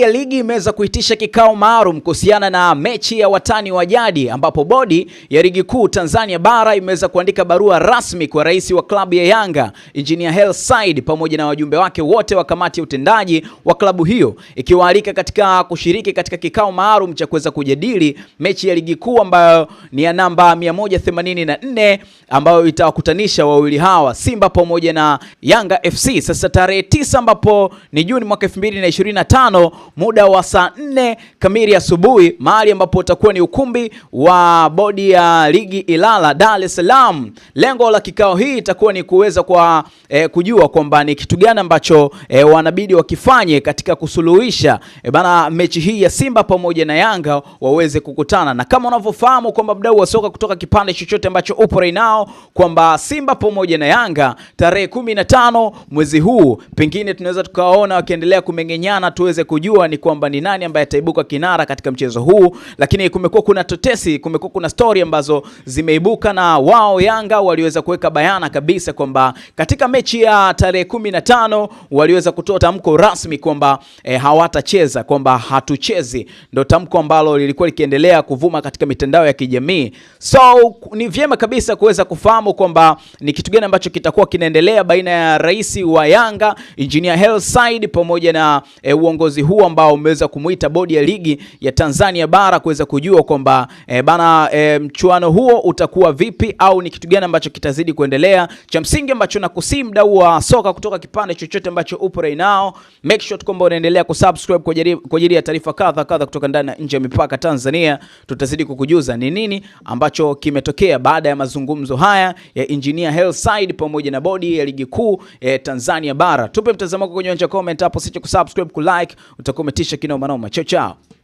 ya ligi imeweza kuitisha kikao maalum kuhusiana na mechi ya watani wa jadi ambapo bodi ya ligi kuu Tanzania bara imeweza kuandika barua rasmi kwa rais wa klabu ya Yanga Engineer Hersi pamoja na wajumbe wake wote wa kamati ya utendaji wa klabu hiyo ikiwaalika katika kushiriki katika kikao maalum cha kuweza kujadili mechi ya ligi kuu ambayo ni ya namba 184 ambayo itawakutanisha wawili hawa Simba pamoja na Yanga FC sasa tarehe 9 ambapo ni Juni mwaka 2025 muda wa saa nne kamili asubuhi, mahali ambapo utakuwa ni ukumbi wa bodi ya ligi Ilala, Dar es Salaam. Lengo la kikao hii itakuwa ni kuweza kwa eh, kujua kwamba ni kitu gani ambacho eh, wanabidi wakifanye katika kusuluhisha eh, bana mechi hii ya Simba pamoja na Yanga waweze kukutana, na kama unavyofahamu kwamba mdau wa soka kutoka kipande chochote ambacho upo right now kwamba Simba pamoja na Yanga tarehe 15 mwezi huu, pengine tunaweza tukaona wakiendelea kumengenyana tuweze kujua kujua ni kwamba ni nani ambaye ataibuka kinara katika mchezo huu, lakini kumekuwa kuna tetesi, kumekuwa kuna story ambazo zimeibuka, na wao Yanga waliweza kuweka bayana kabisa kwamba katika mechi ya tarehe 15 waliweza kutoa tamko rasmi kwamba e, hawatacheza kwamba hatuchezi, ndio tamko ambalo lilikuwa likiendelea kuvuma katika mitandao ya kijamii. So ni vyema kabisa kuweza kufahamu kwamba ni kitu gani ambacho kitakuwa kinaendelea baina ya rais wa Yanga Engineer Hersi Said pamoja na e, uongozi huu ambao umeweza kumuita bodi ya ligi ya Tanzania bara kuweza kujua kwamba e, bana e, mchuano huo utakuwa vipi au ni kitu gani ambacho kitazidi kuendelea. Cha msingi ambacho nakusii mdau wa soka kutoka kipande chochote ambacho upo right now, make sure kwamba unaendelea kusubscribe kwa ajili ya taarifa kadha kadha kutoka ndani na nje ya mipaka Tanzania. Tutazidi kukujuza ni nini ambacho kimetokea baada ya mazungumzo haya ya Engineer Hellside pamoja na bodi ya ligi kuu ya eh, Tanzania bara. Tupe mtazamo wako kwenye comment hapo, sicho kusubscribe, kulike, utakuwa kumetisha kinoma noma. Chao chao.